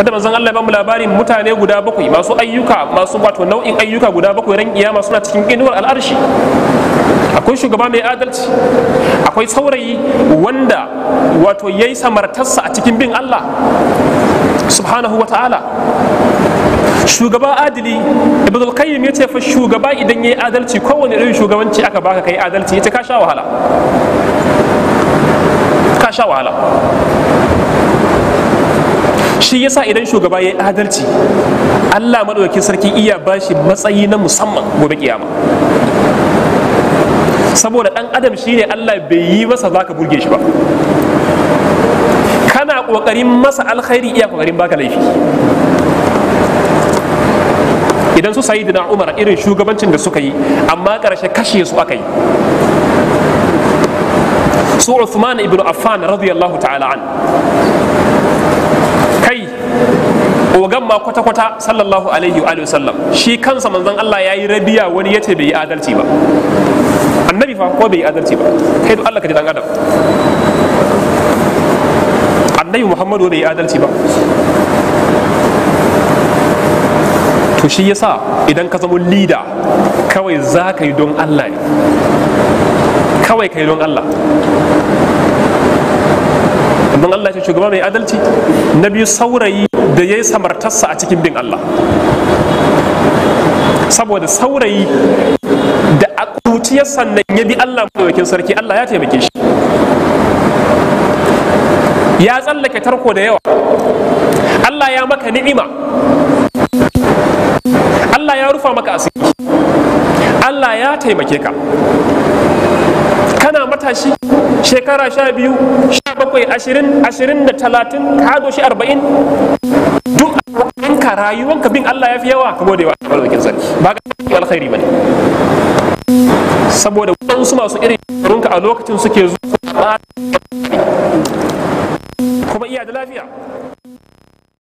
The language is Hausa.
wanda manzon Allah ba mu labarin mutane guda bakwai masu ayyuka masu wato nau'in ayyuka guda bakwai ran kiyama suna cikin inuwar al'arshi akwai shugaba mai adalci akwai saurayi wanda wato yayi samartarsa a cikin bin Allah subhanahu wa ta'ala shugaba adili ibn al-qayyim yace fa shugaba idan yayi adalci kowane irin shugabanci aka baka kai adalci yace ka sha wahala ka sha wahala shi yasa idan shugaba ya yi adalci Allah madaukakin sarki iya bashi matsayi na musamman gobe kiyama saboda dan adam shine Allah bai yi masa zaka burge shi ba kana ƙoƙarin masa alkhairi iya ƙoƙarin baka laifi idan su sayi na umar irin shugabancin da suka yi amma ƙarshe kashe su aka yi su Uthman ibn Affan radiyallahu ta'ala an ma kwata-kwata sallallahu alaihi wa sallam shi kansa manzon Allah ya yi rabiya wani yace bai yi adalci ba annabi fa ko bai yi adalci ba kai duk Allah ka ji dan adam annabi Muhammadu bai yi adalci ba to shi yasa idan ka zama lida kawai za ka yi don Allah ne kawai ka yi don Allah don Allah ce shugaba mai adalci na biyu saurayi da ya yi samartarsa a cikin bin Allah saboda saurayi da a kuciyar sannan ya bi Allah wakil sarki Allah ya taimake shi ya tsallake tarko da yawa Allah ya maka ni'ima Allah ya rufa maka asiri Allah ya taimake ka kana matashi shekara sha biyu sha bakwai ashirin ashirin da talatin ka hado shi arba'in duk abokanka rayuwanka bin Allah ya fi yawa ka gode wa albarkin sarki ba ga alkhairi ba ne saboda su masu irin shekarunka a lokacin suke zuwa kuma iya da lafiya